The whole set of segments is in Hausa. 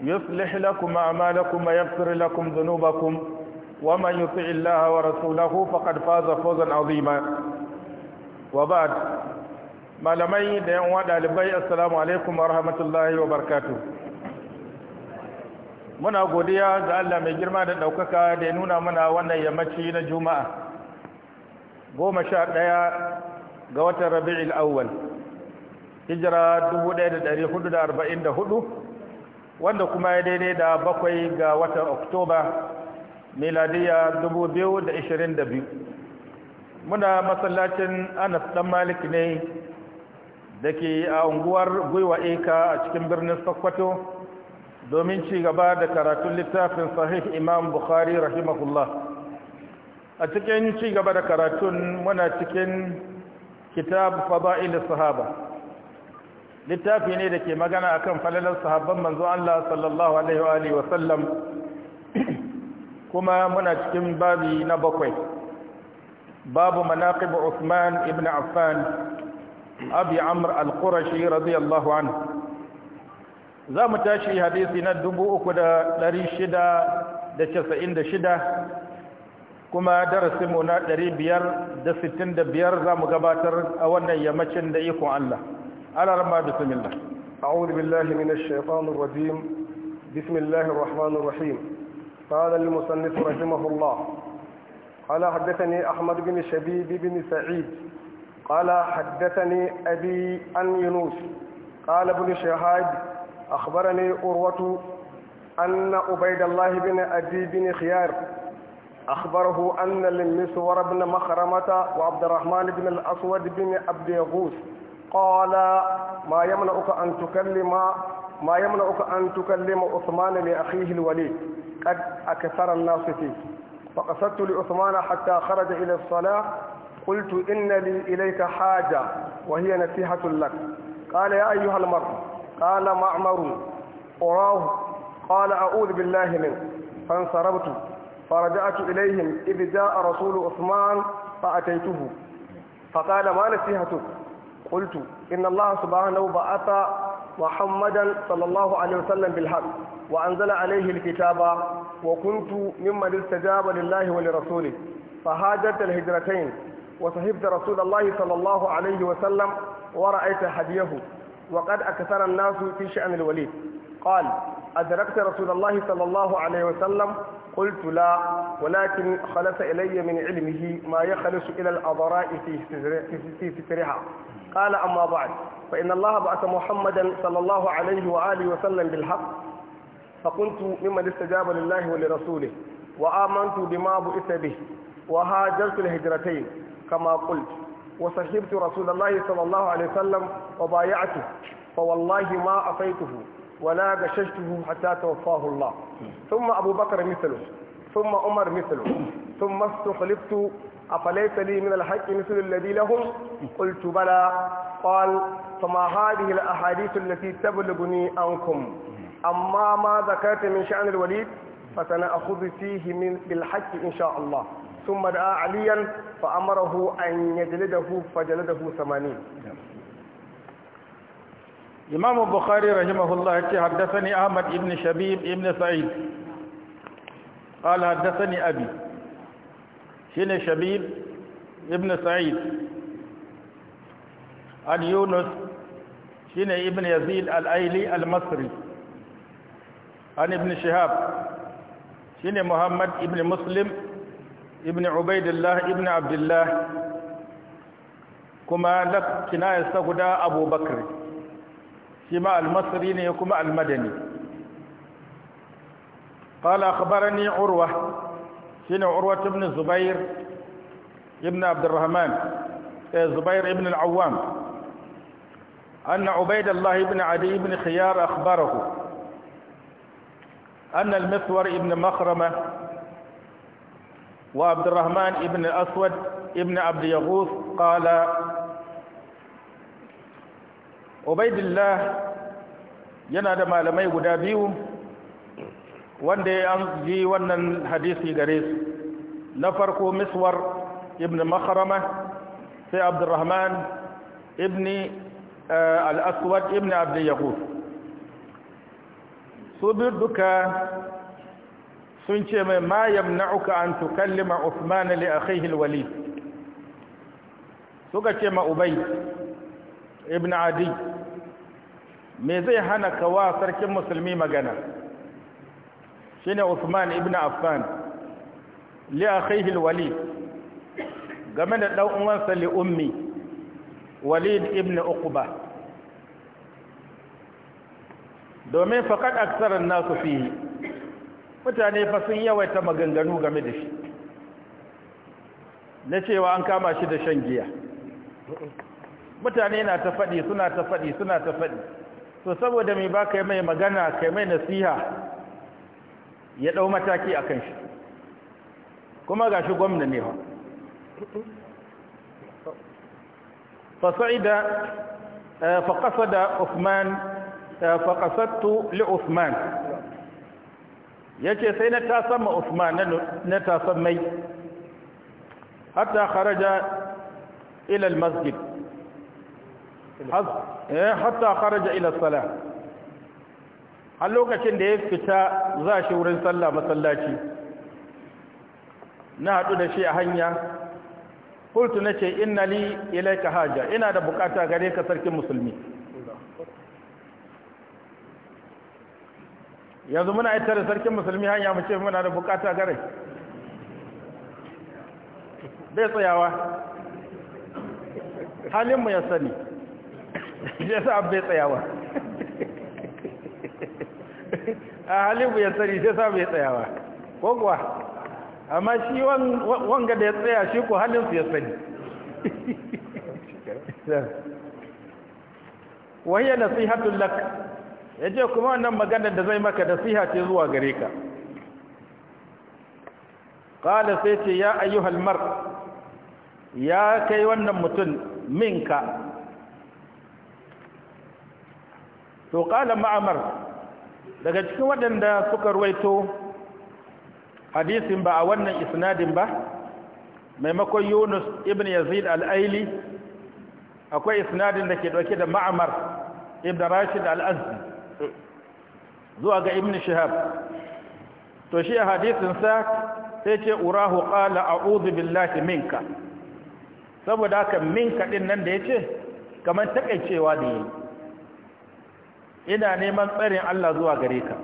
يصلح لكم أعمالكم ويغفر لكم ذنوبكم ومن يطع الله ورسوله فقد فاز فوزا عظيما وبعد ما لمي دعوة لبي السلام عليكم ورحمة الله وبركاته منا قديا قال من جرما دعوكك دينونا منا وانا يمتشينا جمعة قوم شاك ليا قوة الربيع الأول هجرة دبو دير داري أربعين دهدو wanda kuma ya daidai da bakwai ga watan oktoba miladiya 2022 muna masallacin anas dan malik ne da ke a unguwar gwiwa eka a cikin birnin sokoto domin ci da karatun littafin sahih imam bukhari rahimahullah a cikin cigaba da karatun muna cikin kitab fada'il sahaba littafi ne da ke magana akan falalar sahabban manzo Allah sallallahu alaihi wa alihi wa sallam kuma muna cikin babi na bakwai babu manaqib Uthman ibn Affan abi Amr al-Qurashi radiyallahu anhu za mu tashi hadisi na 3696 kuma darasinmu na 565 za mu gabatar a wannan yammacin da ikon Allah على رمى بسم الله أعوذ بالله من الشيطان الرجيم بسم الله الرحمن الرحيم قال المصنف رحمه الله قال حدثني أحمد بن شبيب بن سعيد قال حدثني أبي أن يونس قال ابن شهاب أخبرني أروة أن عبيد الله بن أبي بن خيار أخبره أن المسور بن مخرمة وعبد الرحمن بن الأسود بن عبد يغوث قال ما يمنعك أن تكلم ما يمنعك أن تكلم عثمان لأخيه الوليد قد أكثر الناس فيه فقصدت لعثمان حتى خرج إلى الصلاة قلت إن لي إليك حاجة وهي نصيحة لك قال يا أيها المرء قال معمر أراه قال أعوذ بالله منه فانصرفت فرجعت إليهم إذ جاء رسول عثمان فأتيته فقال ما نصيحتك قلت إن الله سبحانه بعث محمدا صلى الله عليه وسلم بالحق وأنزل عليه الكتاب وكنت ممن استجاب لله ولرسوله فهاجرت الهجرتين وصحبت رسول الله صلى الله عليه وسلم ورأيت هديه وقد أكثر الناس في شأن الوليد قال أدركت رسول الله صلى الله عليه وسلم قلت لا ولكن خلص إلي من علمه ما يخلص إلى الأضراء في سترها قال أما بعد فإن الله بعث محمدا صلى الله عليه وآله وسلم بالحق فكنت ممن استجاب لله ولرسوله وآمنت بما بعث به وهاجرت الهجرتين كما قلت وصحبت رسول الله صلى الله عليه وسلم وبايعته فوالله ما اعطيته ولا غششته حتى توفاه الله ثم أبو بكر مثله ثم عمر مثله ثم استخلفت أفليس لي من الحق مثل الذي لهم قلت بلى قال فما هذه الأحاديث التي تبلغني عنكم أما ما ذكرت من شأن الوليد فسنأخذ فيه من بالحق إن شاء الله ثم دعا عليا فأمره أن يجلده فجلده ثمانين إمام البخاري رحمه الله حدثني أحمد بن شبيب بن سعيد قال حدثني أبي شين شبيب بن سعيد عن يونس شين ابن يزيد الأيلي المصري عن ابن شهاب شين محمد ابن مسلم ابن عبيد الله ابن عبد الله كما لك كناية سقدا أبو بكر كما المصريين وكما المدني قال أخبرني عروة سين عروة بن الزبير ابن عبد الرحمن الزبير آه، ابن العوام أن عبيد الله بن عدي بن خيار أخبره أن المثور ابن مخرمة وعبد الرحمن ابن الأسود ابن عبد يغوث قال ubaidillah yana da malamai guda biyu wanda ya an ji wannan hadisi gare su na farko miswar ibn makharama sai abdurrahman ibn al-aswad ibn abd yahud su duka sun ce mai ma yamna'uka an tukallima usman li akhihi al-Walid suka ce ma Ubay ibn Adi me zai hana kawa sarkin musulmi magana Shi ne Usman ibn Affan li akhihi al-Walid game da dan uwansa li ummi Walid ibn Uqba domin faqad aksara nasu fihi mutane fa sun yawaita maganganu game da shi na cewa an kama shi da shan giya mutane na ta faɗi suna ta faɗi suna ta faɗi to saboda mai ba kai mai magana kai mai nasiha ya ɗau mataki a kan shi kuma ga shi gwamna ne ba fasa'ida eh, faƙasa da usman eh, faƙasattu li usman ya ce sai na ma usman na mai hatta kharaja ilal masjid Eh, hatta kharaja ila salah har lokacin da ya fita za shi wurin sallah masallaci na hadu da shi a hanya kultu nace inna li ilayka haja ina da bukata gare ka sarkin musulmi yanzu muna ita da sarkin musulmi hanya mu ce muna da bukata gare bai tsayawa halin mu ya sani ya sa bai tsayawa a ya tsari ya bai tsayawa ko amma shi wanga da ya tsaya shi ko halinsu ya sani wahiyar nasihatun lak ya ce kuma wannan maganar da zai maka nasiha ce zuwa gare ka ƙala sai ce ya ayyuhal mar ya kai wannan mutum minka to kala ma'mar daga cikin waɗanda suka ruwaito hadisin ba a wannan isnadin ba maimakon Yunus ibn Yazid al-Aili akwai isnadin da ke ɗauke da ma'amar ibn Rashid al-Azdi zuwa ga ibn Shihab to shi a hadisinsa sai ce urahu kala a'udhu billahi minka saboda haka minka ɗin nan da ya ce kamar taƙaicewa da yi ina neman tsarin Allah zuwa gare ka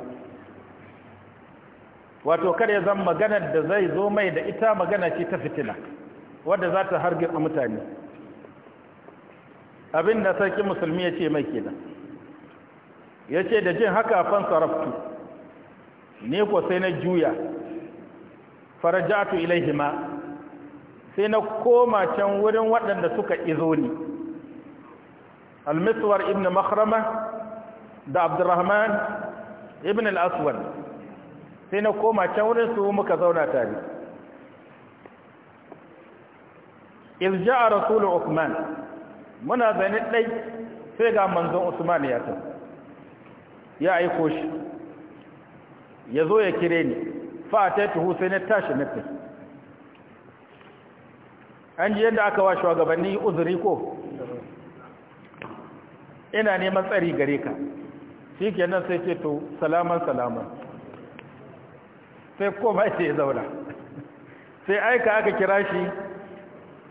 wato kar ya zama maganar da zai zo mai da ita magana ce ta fitina wadda za ta hargitsa mutane abin da sarki musulmi ya ce mai kenan ya ce da jin haka fan sarraftu ne ko sai na juya farajatu ilaihima sai na koma can wurin waɗanda suka izo ni al-miswar ibn makhrama da abdurrahman ibn al-aswad sai na koma can wurin su muka zauna tare ilja a rasulun usman muna zane ɗai sai ga manzon usman ya ta ya aiko shi ya zo ya kire ni fata tuhu sai na tashi nufi an ji yadda aka wa shugabanni uzuri ko ina neman tsari gare ka shi kenan sai ce to salaman salaman sai koma ce ya zauna sai aika aka kira shi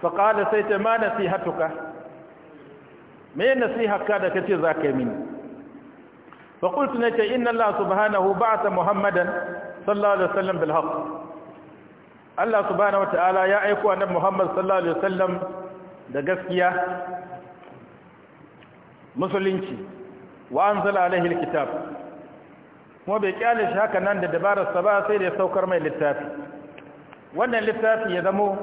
faƙada sai ce ma nasihatuka me haka da kace za ka yi mini faƙultu na ce inna Allah subhanahu ta muhammadan sallallahu alaihi wasallam bil haqq Allah subhanahu ta'ala ya aiko nan Muhammad sallallahu alaihi wasallam da gaskiya musulunci wa anzala alaihi alkitab kuma bai kyale shi haka nan da sa ba sai da ya saukar mai littafi wannan littafi ya zamo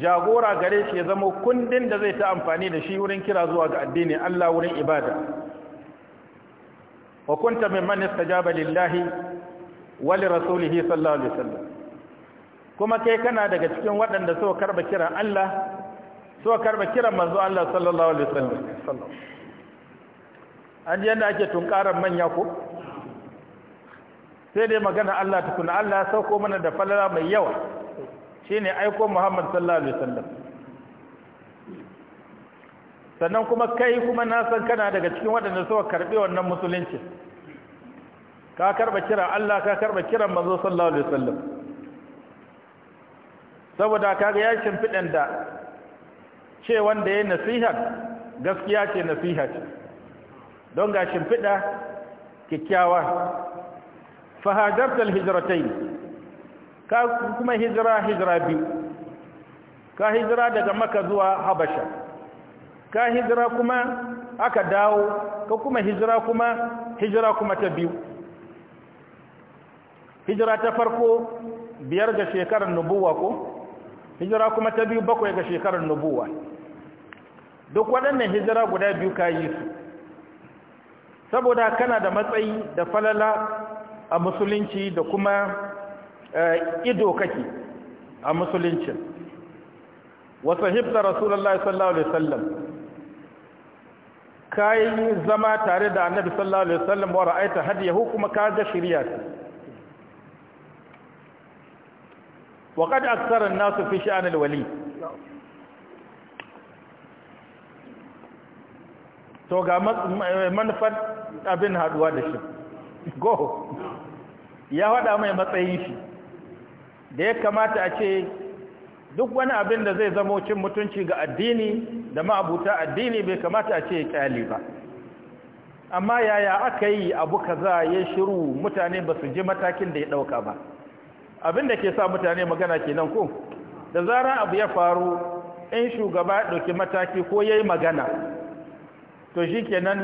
jagora gare shi ya zamo kundin da zai ta amfani da shi wurin kira zuwa ga addini Allah wurin ibada wa kunta man istajaba lillahi wa li rasulihi sallallahu alaihi wasallam kuma kai kana daga cikin waɗanda suka karba kiran Allah suka karba kiran manzo Allah sallallahu alaihi wasallam an ji yadda ake tunkarar manya ko sai dai magana Allah tukuna Allah ya sauko mana da falala mai yawa shine aiko Muhammad sallallahu alaihi wasallam sannan kuma kai kuma na san kana daga cikin waɗanda suka karbe wannan musulunci ka karɓa kira Allah ka karɓa kiran manzo sallallahu alaihi wasallam saboda kaga ya fidan da ce wanda ya nasiha gaskiya ce nasiha ce don ga shimfiɗa kyakkyawa fahajartar hijiratai ka kuma hijira hijira biyu ka hijira daga maka zuwa habasha ka hijira kuma aka dawo ka kuma hijira kuma hijira kuma ta biyu hijira ta farko biyar ga shekarar nubuwa ko hijira kuma ta biyu bakwai ga shekarar nubuwa duk waɗannan hijira guda biyu ka yi su saboda kana da matsayi da falala a musulunci da kuma eh, ido kake a musulunci wa sahibta rasulullahi sallallahu alaihi wasallam kai zama tare da annabi sallallahu alaihi wasallam wa ra'aita hadiyahu kuma ka ga shari'a wa qad aktsara an-nasu fi sha'anil wali to ga eh, manufar abin haduwa da shi go ya haɗa mai matsayin shi da ya kamata a ce duk wani abin da zai zama cin mutunci ga addini da ma'abuta addini bai kamata a ce ya kyali ba amma yaya aka yi abu kaza ya shiru mutane ba su ji matakin da ya ɗauka ba abin da ke sa mutane magana kenan ko da zarar abu ya faru in shugaba ɗauki mataki ko yayi magana to shi kenan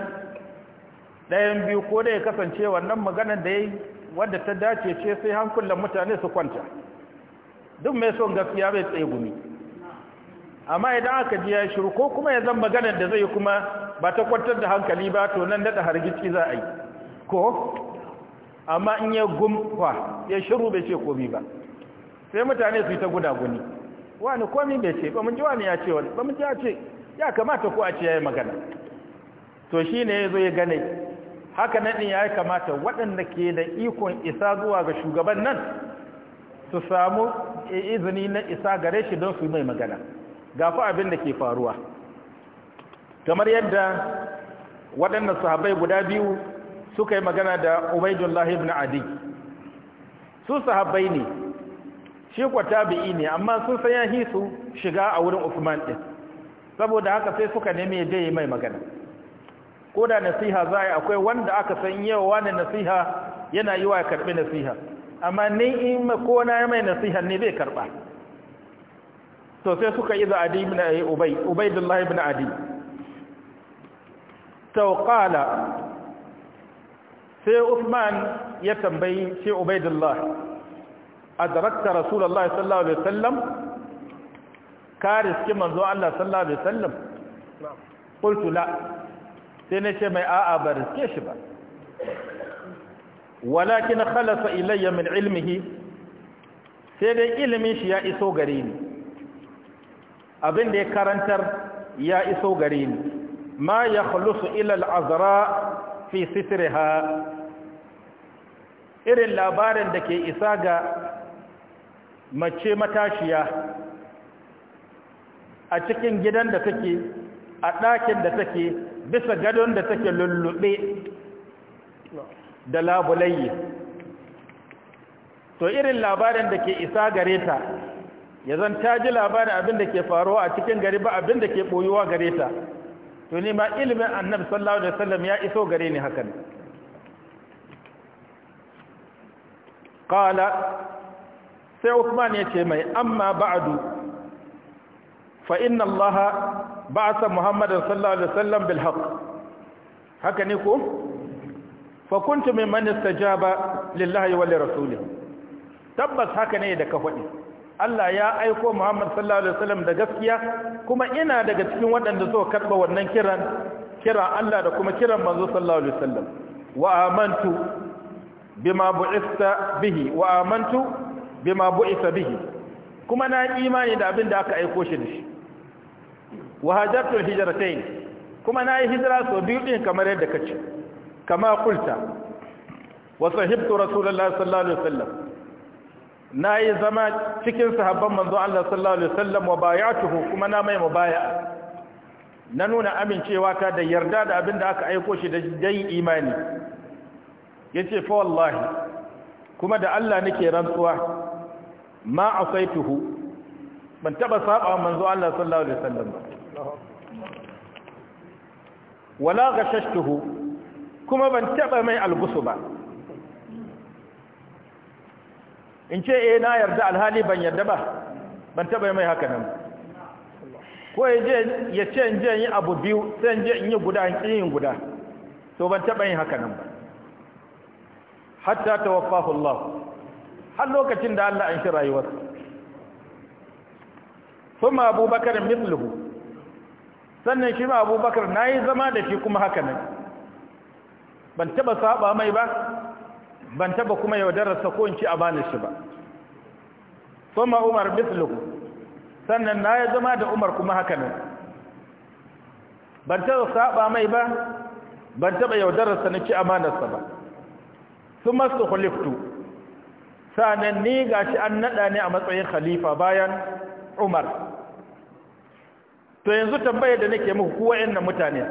ɗayan biyu ko da ya kasance wannan maganar da ya yi wadda ta dace ce sai hankulan mutane su kwanta duk mai son gaskiya bai tsaye gumi amma idan aka ji ya shiru ko kuma ya zan maganar da zai kuma ba ta kwantar da hankali ba to nan daɗa hargitsi za a yi ko amma in ya gumfa ya shiru bai ce komi ba sai mutane su yi ta guda guni wani komi bai ce ba mun ji wani ya ce wani ba mun ji ya ce ya kamata ko a ce ya yi magana to shi ne ya zo ya gane haka nan ya yi kamata waɗanda ke da ikon isa zuwa ga shugaban nan su samu izini na isa gare shi don su mai magana ga abin da ke faruwa kamar yadda waɗannan sahabai guda biyu suka yi magana da ubaidullahi ibn adi su sahabbai ne shi kwata tabi'i ne amma sun san ya hisu shiga a wurin Usman ɗin saboda haka sai suka nemi ya je mai magana ko da nasiha za a yi akwai wanda aka san yau wani nasiha yana yi wa ya karɓi nasiha amma ni in ko na mai nasiha ne bai karɓa to sai suka yi yi adi ibn ubay ubaydullahi ibn adi to qala sai usman ya tambayi shi ubaydullah adrakta rasulullahi sallallahu alaihi wasallam ka riski manzo Allah sallallahu alaihi wasallam qultu la sai na ce mai a'a ba riske shi ba walakin khalasa ilayya min ilmihi sai dai ilimin shi ya iso gare ni abin da ya karantar ya iso gare ni ma ya khulusu ila al'azra fi sitriha irin labarin da ke isa ga mace matashiya a cikin gidan da take a ɗakin da take bisa gadon da take lullube da labulayi to irin labarin da ke isa gare ta ya zan ta ji labarin abin da ke faruwa a cikin gari ba abin da ke ɓoyuwa gare ta to nima ma ilimin annabi sallallahu alaihi wasallam ya iso gare ni hakan kala sai Usman ya ce mai amma ba'adu fa inna allaha Ba ba'asa muhammadan sallallahu alaihi wasallam bil haqq haka ne ko fa kuntu mimman istajaba lillahi wa lirasulihi tabbas haka ne da ka faɗi Allah ya aiko Muhammad sallallahu alaihi wasallam da gaskiya kuma ina daga cikin waɗanda suka karba wannan kiran kira Allah da kuma kiran manzo sallallahu alaihi wasallam wa amantu bima bu'ista bihi wa amantu bima bu'isa bihi kuma na imani da abin da aka aiko shi da shi wa hajartul hijratain kuma yi hijira sau biyu ɗin kamar yadda ka kace kama kulta Wasu sahibtu Rasulallah sallallahu alaihi wasallam yi zama cikin sahabban manzo Allah sallallahu alaihi wasallam wa bay'atuhu kuma na mai mubaya'a na nuna amincewa ta da yarda da abin da aka aiko shi da dai imani yace fa wallahi kuma da Allah nake rantsuwa ma asaituhu ban taba saba manzo Allah sallallahu alaihi wasallam ba wala gashashtuhu kuma ban taba mai algusu ba in ce eh na yarda alhali ban yarda ba ban taba mai haka nan ko ya ce in je yi abu biyu sai in je in yi guda in ƙi yin guda to ban taba yin haka nan ba hatta tawaffahu Allah har lokacin da Allah an shi rayuwarsa kuma Abubakar mithluhu sannan shi ma abubakar na yi zama da shi kuma haka nan ban taba saba mai ba ban taba kuma yaudararsa ko in ci a bani shi ba soma umar misluhu sannan na yi zama da umar kuma haka nan ban taba saba mai ba ban taba yaudararsa na ci amanarsa ba su masu huliftu Sannan ni gashi an naɗa ne a matsayin khalifa bayan umar to yanzu tambayar da nake muku ku wayannan mutane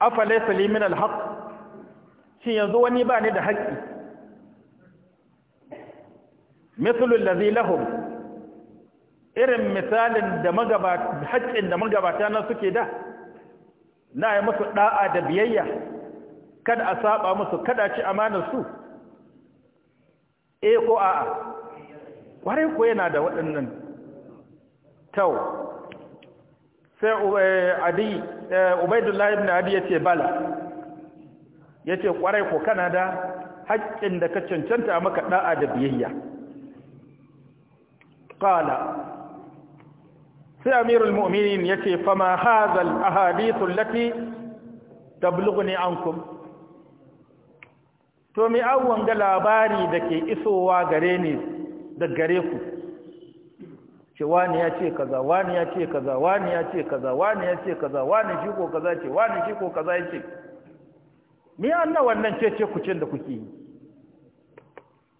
afalaysa li min alhaq shin yanzu wani ba ne da haƙƙi mithlu allazi lahum irin misalin da magabata haƙƙin da magabata na suke da na yi musu da'a da biyayya kada a saba musu kada ci amanar su eh ko a'a kware ko yana da waɗannan tau sai eh, adi eh, ubaidullahi ibn adi yace bala yace kwarai ko kana da haƙƙin da ka cancanta maka da'a da biyayya qala sai amirul mu'minin yace fama hadha al ahadith allati tablughuni ankum to mi awwan ga labari dake isowa gare ni da gare ku ce wani ya ce kaza wani ya ce kaza wani ya ce kaza wani ya ce kaza wani shi ko kaza ce wani shi ko kaza ya ce me anna wannan ce ce kucin da kuke yi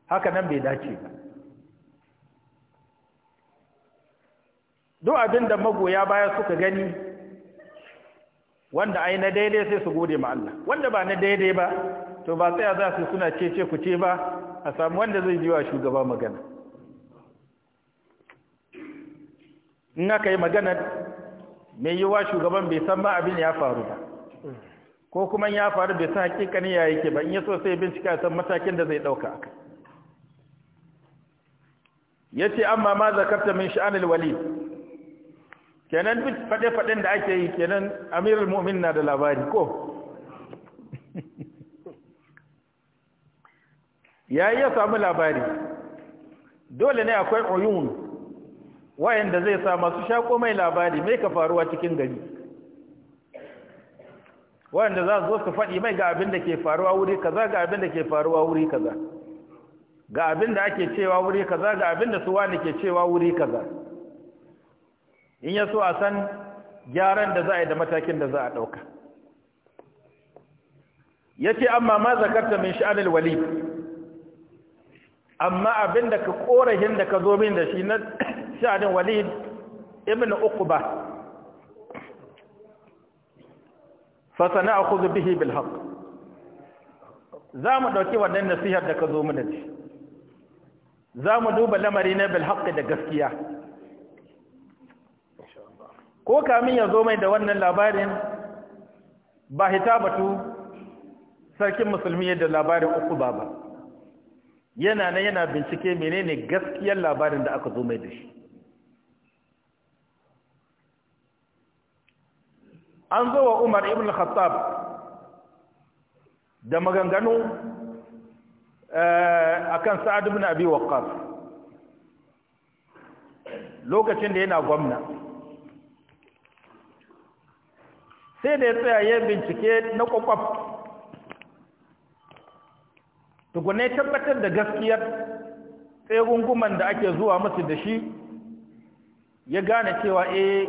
haka nan bai dace ba duk abin da magoya baya suka gani wanda ai na daidai sai su gode ma Allah wanda ba na daidai ba to ba tsaya za su suna ce ce kuce ba a samu wanda zai jiwa shugaba magana in aka yi magana mai yiwuwa shugaban bai san ma abin ya faru ba ko kuma ya faru bai san hakikani ya yake ba in ya so sai bincika san matakin da zai dauka yace amma ma zakarta min sha'anil wali kenan duk faɗe-faɗen da ake yi kenan amirul mu'min na da labari ko Ya yi ya samu labari dole ne akwai oyun wayanda zai sa masu shako mai labari mai ka faruwa cikin gari wayanda za su zo su faɗi mai ga abin da ke faruwa wuri kaza ga abin da ke faruwa wuri kaza ga abin da ake cewa wuri kaza ga abin da su wani ke cewa wuri kaza in ya so a san gyaran da za a yi da matakin da za a ɗauka ya ce amma ma zakarta min sha'anil walid amma abin da ka korahin da ka zo min da shi na sha'adin walid ibn uqba fa sana'khudhu bihi bil haqq za mu dauki wannan nasihar da ka zo min da shi za mu duba lamari na bil haqq da gaskiya ko kamin ya zo mai da wannan labarin ba hitabatu sarkin musulmi da labarin uqba ba yana nan yana bincike menene gaskiyar labarin da aka zo mai da shi an zo wa umar ibn khattab da maganganu eh, akan sa'ad ibn abi waqqas lokacin da yana gwamna sai da ya tsaya ya bincike na kwakwaf tukunai tabbatar da gaskiyar tsegunguman da ake zuwa musu da shi ya gane cewa eh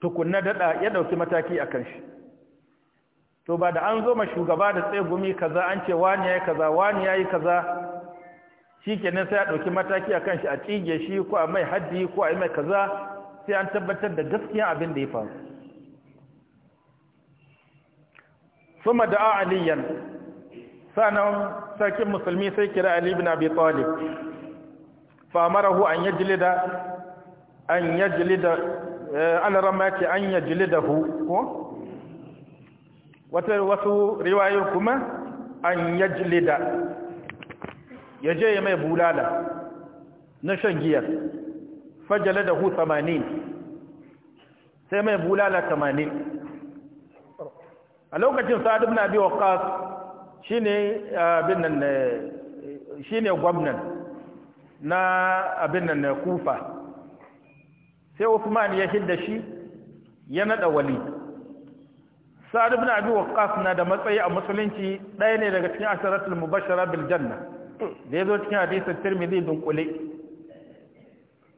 tukunna dada ya dauki mataki akan shi to ba da an zo ma shugaba da tsegumi kaza an ce wani ya yi kaza wani ya yi kaza kenan sai a dauki mataki akan shi a tsige shi ko a mai haddi ko a yi mai kaza sai an tabbatar da gaskiya abin da ya faru ثم aliyan. sanan sarkin musulmi sai kira Ali ibn Abi Talib fa amarahu an yajlida an yajlida eh, an rama an yajlidahu ko wata wasu riwayoyi kuma an yajlida yaje ya mai bulala na shan giyar fajaladahu 80 sai mai bulala 80 a lokacin sa'ad ibn abi waqqas shine eh, abin nan eh, shine gwamnan na abin nan na eh, kufa sai Uthman ya hidda shi ya nada wali Sa'ad ibn Abi Waqqas na da matsayi a musulunci ɗaya ne daga cikin asharatul mubashara bil janna da yazo cikin hadisin Tirmidhi dunkule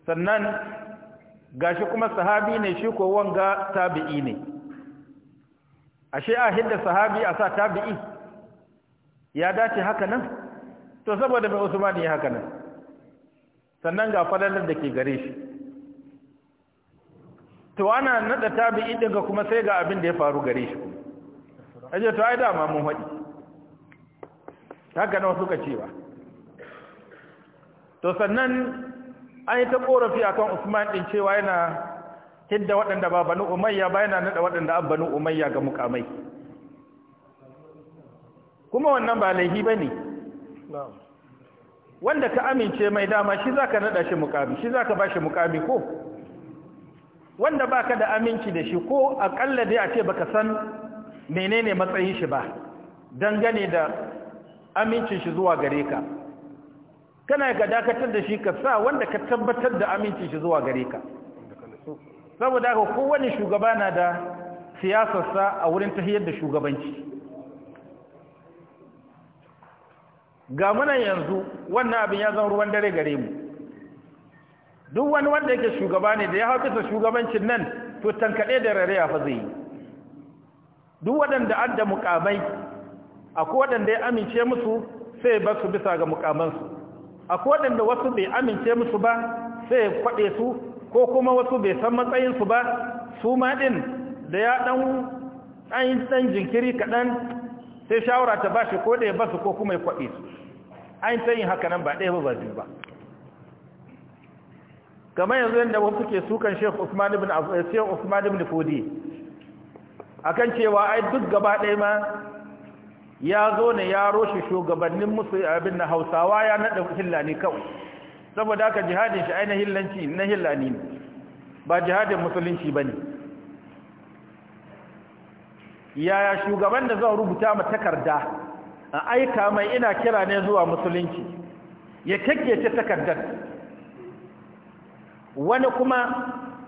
sannan gashi kuma sahabi ne shi ko wanga tabi'i ne ashe a hidda sahabi a sa tabi'i ya dace haka nan to saboda mai Usman ya haka nan sannan ga fadalar da ke gare shi to ana nada tabi'i din ga kuma sai ga abin da ya faru gare shi aje to ai da ma mun haɗi haka nan suka cewa to sannan an yi ta korafi akan Usman din cewa yana hidda waɗanda ba banu umayya ba yana nada waɗanda abanu umayya ga mukamai kuma wannan ba laihi ba ne wanda ka amince mai dama shi za ka naɗa shi mukami shi za ka ba shi mukami ko wanda ba ka da aminci da shi ko akalla dai a ce ba ka san menene matsayin shi ba dangane da amincin shi zuwa gare ka kana ga dakatar da shi ka sa wanda ka tabbatar da amincin shi zuwa gare ka saboda ko kowane shugaba na da siyasarsa a wurin tahiyar da shugabanci ga muna yanzu wannan abin ya zama ruwan dare gare mu duk wani wanda yake shugaba ne da ya haukisa shugabancin nan to tankaɗe da rare ya fa zai yi duk waɗanda an da mukamai akwai waɗanda ya amince musu sai ba su bisa ga mukamansu akwai waɗanda wasu bai amince musu ba sai kwaɗe su ko kuma wasu bai san matsayinsu ba su ma ɗin da ya ɗan ɗan jinkiri kaɗan sai shawara ta ba shi ko da ya basu ko kuma ya kwaɗe su an ta yin haka nan ba ɗaya ba biyu ba kamar yanzu yadda wasu ke sukan sheikh usman ibn eh, sheikh usman ibn A kan cewa ai duk gaba ɗaya ma ya zo ne ya roshe shugabannin musu abin na hausawa ya naɗa hillani kawai saboda haka jihadin shi ainihin na hillanci na hillani ba jihadin musulunci ba ne yaya shugaban da zan rubuta ma takarda a aika mai ina kira ne zuwa musulunci ya kyakkece takardar wani kuma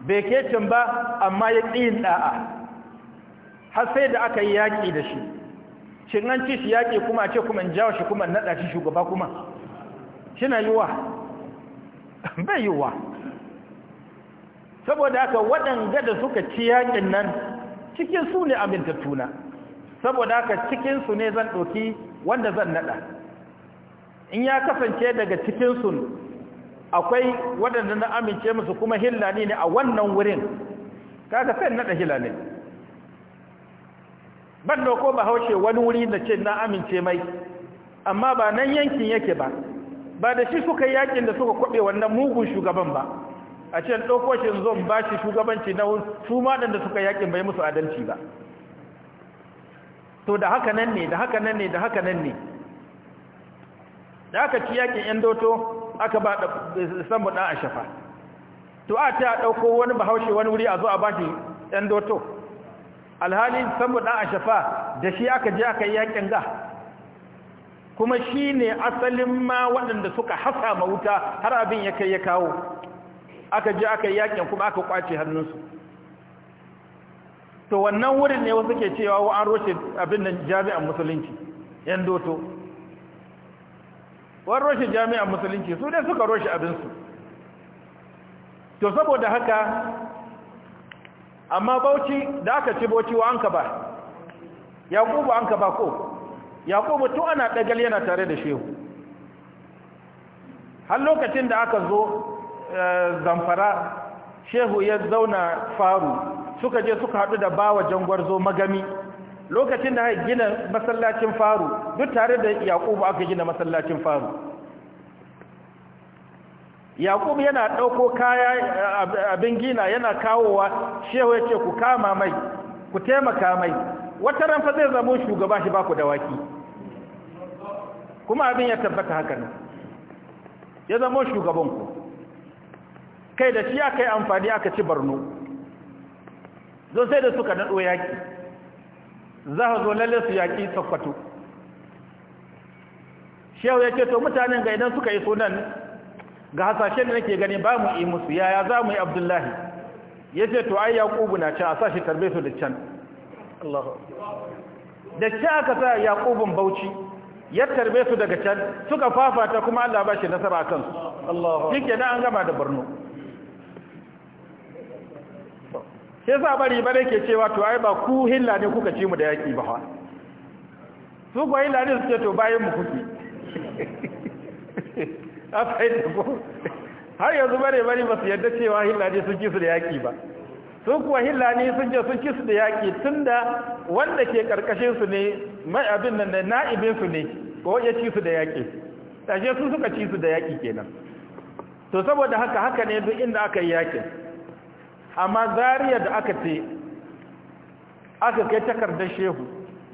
bai kecin ba amma ya yin ɗa'a har sai da aka yi yaƙi da shi shin an ci shi yaƙi kuma ce kuma in jawo shi kuma naɗa shi shugaba kuma shina yiwa bai yiwa saboda haka waɗanga da suka ci yaƙin nan cikin su ne amintattuna saboda haka cikinsu ne zan ɗauki wanda zan naɗa in ya kasance daga cikinsu akwai waɗanda na amince musu kuma hillani ne a wannan wurin kaga sai nada hillani ban da ko ba haushe wani wuri da ce na amince mai amma ba nan yankin yake ba ba da shi suka yakin da suka kwabe wannan mugun shugaban ba a ce ɗauko shi zon ba shi shugabanci na su ma da suka yakin bai musu adalci ba to da haka nan ne da haka nan ne da haka nan ne da aka ci yakin yan doto aka ba da samu da a shafa to a ta ɗauko wani bahaushe wani wuri a zo a bashi yan doto alhali samu da a shafa da shi aka je aka yi yakin ga kuma shi ne asalin ma waɗanda suka hasa ma wuta har abin ya kai ya kawo aka je aka yi yakin kuma aka kwace hannunsu to wannan wurin ne wasu ke cewa wa an roshe abin nan jami'an musulunci yan doto wani roshe jami'an musulunci su dai suka roshe abinsu to saboda haka amma bauchi da aka ci bauchi wa an ka ba yaƙubu an ka ba ko Yakubu tun ana ɗagal yana tare da shehu har lokacin da aka zo eh, zamfara shehu ya zauna faru suka je suka haɗu da bawa jangwarzo magami lokacin da gina masallacin faru duk tare da yaƙubu aka gina masallacin faru yaƙubu yana ɗauko kaya abin gina yana kawowa shehu ya ce ku kama mai ku taimaka mai wata ranfa zai zama shugaba shi baku dawaki kuma abin ya tabbata haka ne ya zama shugabanku kai da shi aka yi amfani aka ci barno don sai da suka naɗo yaƙi za ka zo lalle su yaƙi tsakwato shehu ya ce to mutanen ga idan suka yi sunan ga hasashen da nake gani ba mu yi musu yaya za mu yi abdullahi ya ce to ai yaƙubu na can a sa shi tarbe su da can da ce aka sa yaƙubun bauchi ya tarbe su daga can suka fafata kuma allah ba shi nasara a kansu shi ke an gama da borno sai sa bari ne ke cewa wato ai ba ku hilla ne kuka ci mu da yaki ba fa su ko hilla ne ce to bayan mu kuke a fahimta ko har yanzu bare bare ba su yadda cewa hilla ne sun ci su da yaki ba su kuwa ne sun je sun ci su da yaƙi tun da wanda ke ƙarƙashin su ne mai abin nan da na'ibin su ne ko ya ci su da yaƙi tashe su suka ci su da yaƙi kenan to saboda haka haka ne duk inda aka yi yaƙin amma zariya da aka ce aka kai takardar shehu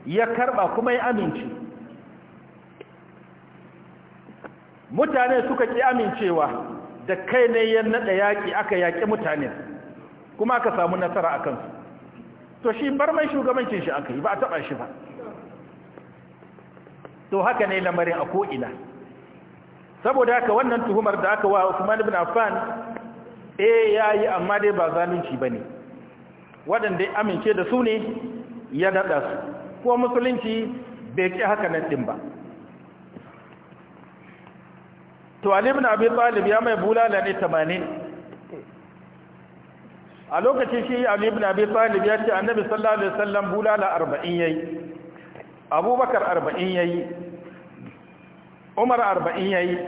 ya karba kuma ya amince mutane suka ki amincewa da kai ne ya nada yaki aka yaki mutane kuma aka samu nasara akan su to shi bar mai shugabancin shi aka yi ba a taba shi ba to haka ne lamarin a ko'ina saboda haka wannan tuhumar da aka wa Usman ibn Affan eh ya yi amma dai ba zalunci ba ne waɗanda ya amince da su ne ya daɗa su ko musulunci bai ƙi haka nan ɗin ba to alibin abin talib ya mai bulala ne tamanin a lokacin shi alibin abin talib ya ce annabi sallallahu alaihi wasallam bulala arba'in ya yi abubakar arba'in ya yi umar arba'in ya yi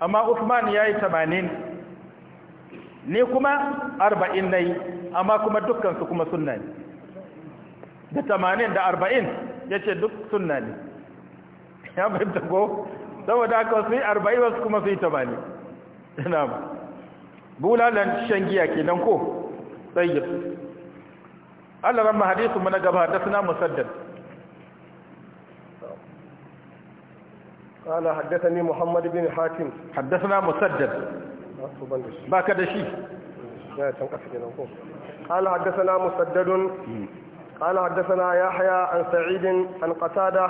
amma usman ya yi tamanin ni kuma arba'in na yi amma kuma dukkansu kuma sunna ne da tamanin da arba'in ya ce duk sunna ne ya ta ko saboda aka wasu yi arba'in wasu kuma su yi tamanin ina ba bulalan shan giya kenan ko tsayyar Allah ramma hadisu mana gaba da suna musaddar قال حدثني محمد بن حاتم حدثنا مسدد baka da shi ya yahya an sa'id an qatada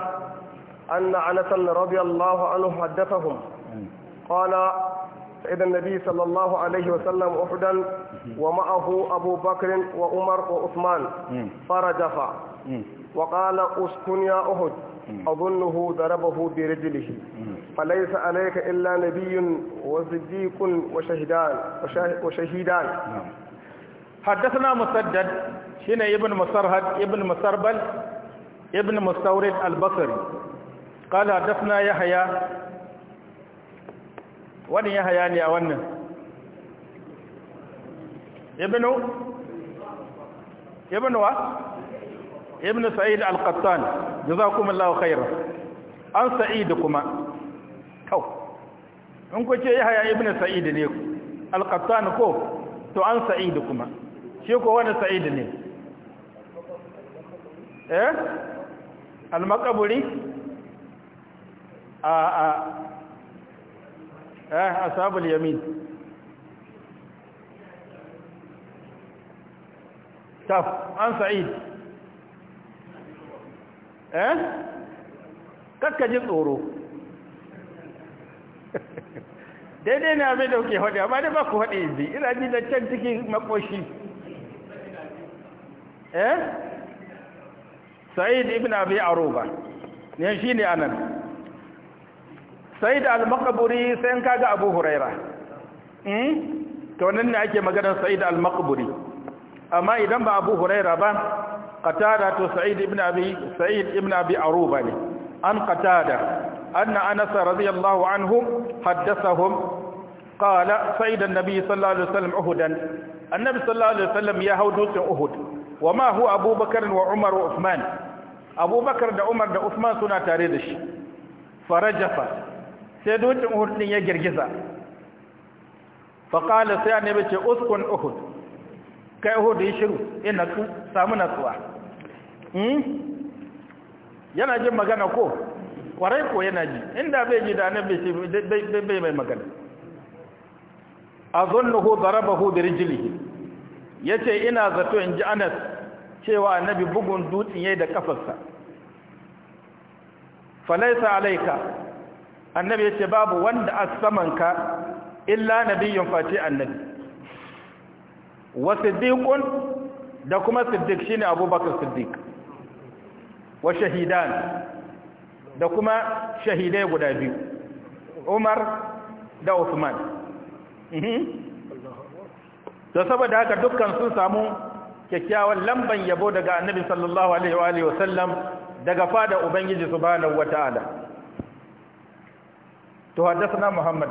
anna anas radiyallahu anhu haddathahum إلى النبي صلى الله عليه وسلم أحدا ومعه أبو بكر وعمر وعثمان فرجف وقال اسكن يا أحد أظنه ضربه برجله فليس عليك إلا نبي وصديق وشهدان وشهيدان حدثنا مسدد هنا ابن مسرهد ابن مسربل ابن مستورد البصري قال حدثنا يحيى Wani ya hayani a wannan ibn ibn wa ibn sa'id al-qattan jazakumullahu khairan an sa'id kuma kaw. in ku ce yahya Ibn sa'id ne al-qattan ko to an sa'id kuma shi ko wani sa'id ne eh al-maqburi a a eh ashabul yamin taf an sa'id eh kakka jin tsoro daidai ne abin da kuke haɗe amma dai ba ku haɗe yanzu ina ji da can cikin makoshi eh sa'id ibn abi aruba ne shi ne anan sai da al sai ka ga abu huraira hmm? to nan ne ake maganar sa'id al amma idan ba abu huraira ba katada to sa'id ibn abi sa'id ibn abi aruba ne an katada. anna anas radiyallahu anhu haddathahum قال سيد النبي صلى الله عليه وسلم أهدا النبي صلى الله عليه وسلم يهود أهد وما هو أبو بكر وعمر وعثمان أبو بكر دا عمر دا عثمان سنة تاردش فرجف sai dutsen uhud din ya girgiza fa qala sai annabi ce uskun uhud kai uhud yi shiru ina ku samu natsuwa hmm yana jin magana ko kwarai ko yana ji inda bai ji da annabi shi bai mai magana azunnuhu darabahu bi rijlihi yace ina zato in ji Anas cewa annabi bugun dutsen yi da kafarsa falaisa alaika annabi ya ce babu wanda a samanka illa nabiyyun fati annabi wa siddiƙun da kuma shi ne abubakar Siddiƙ wa shahidan da kuma shahidai guda biyu umar da usman mhm. to saboda haka dukkan sun samu kyakkyawan lamban yabo daga annabi sallallahu alaihi wa sallam daga fada ubangiji subhanahu wataala to haddathana muhammad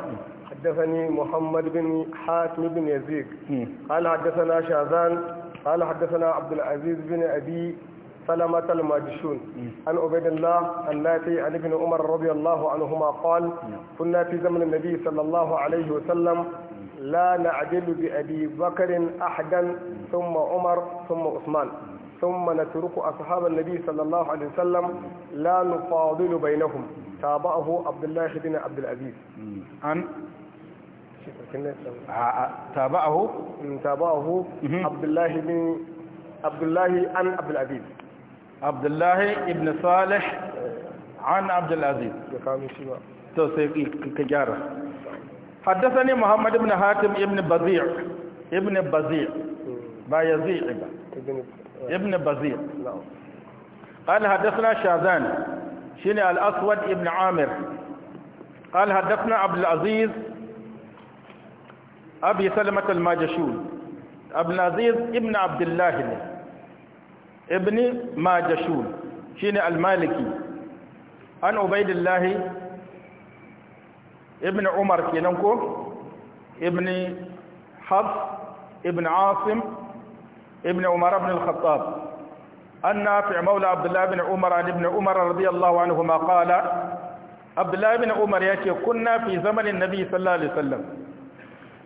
حدثني محمد بن حاتم بن يزيد قال حدثنا شاذان قال حدثنا عبد العزيز بن أبي سلمة الماجشون عن عبيد الله الناتي عن ابن عمر رضي الله عنهما قال كنا في زمن النبي صلى الله عليه وسلم لا نعدل بأبي بكر أحدا ثم عمر ثم عثمان ثم نترك أصحاب النبي صلى الله عليه وسلم لا نفاضل بينهم تابعه عبد الله بن عبد العزيز عن تابعه تابعه عبد الله بن عبد الله عن عبد العزيز عبد الله بن صالح عن عبد العزيز حدثني محمد بن حاتم ابن بزيع ابن بزيع ba ya zai ba ابن بزير قال حدثنا شاذان شنع الأسود ابن عامر قال حدثنا عبد العزيز أبي سلمة الماجشون عبد العزيز ابن عبد الله ابن ماجشون شنع المالكي عن عبيد الله ابن عمر كينكو ابن حفص ابن عاصم ابن عمر بن الخطاب أن نافع مولى عبد الله بن عمر عن ابن عمر رضي الله عنهما قال عبد الله بن عمر يأتي كنا في زمن النبي صلى الله عليه وسلم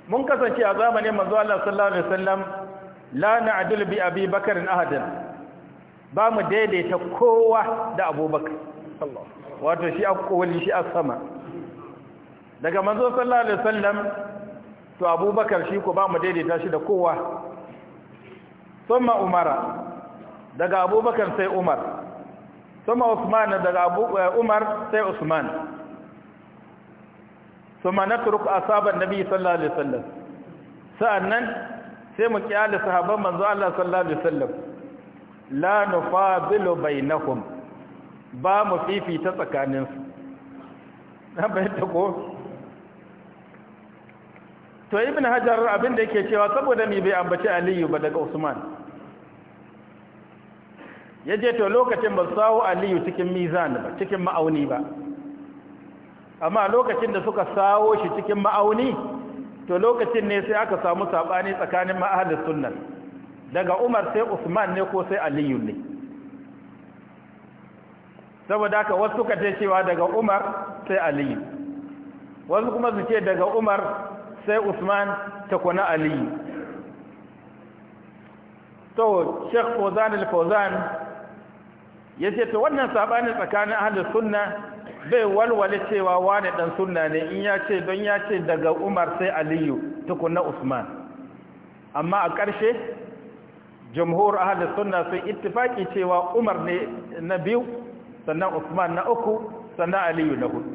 من كسن شيء زمن من الله صلى الله عليه وسلم لا نعدل بأبي بكر أحدا بام ديدي تقوى دا أبو بكر الله wato shi akwai shi a sama daga manzo sallallahu alaihi wasallam to abubakar shi ko ba mu daidaita shi da kowa thumma umara daga abubakar sai umar thumma usman daga eh, umar sai usman thumma natruk asaban nabi sallallahu alaihi wasallam sa'annan sai mu kiyale sahabban manzo Allah sallallahu alaihi wasallam la nufadilu bainahum ba mu fifita tsakaninsu na bayyana ko to ibn hajar abin da yake cewa saboda mi bai ambaci aliyu ba daga usman ya je to lokacin ba sawo aliyu cikin mizan ba cikin ma'auni ba amma lokacin da suka sawo shi cikin ma'auni to lokacin ne sai aka samu sabani tsakanin ma'ahal sunnah daga umar sai usman ne ko sai aliyu ne saboda haka wasu suka ce cewa daga umar sai aliyu wasu kuma su ce daga umar sai usman ta kuna ali to sheikh fauzan al-fauzan ya ce to wannan sabani tsakanin ahlus sunna bai walwale cewa wane dan sunna ne in ya ce don ya ce daga umar sai aliyu tukuna usman amma a ƙarshe jamhur ahlus sunna sun ittifaki cewa umar ne na biyu sannan usman na uku sannan aliyu na hudu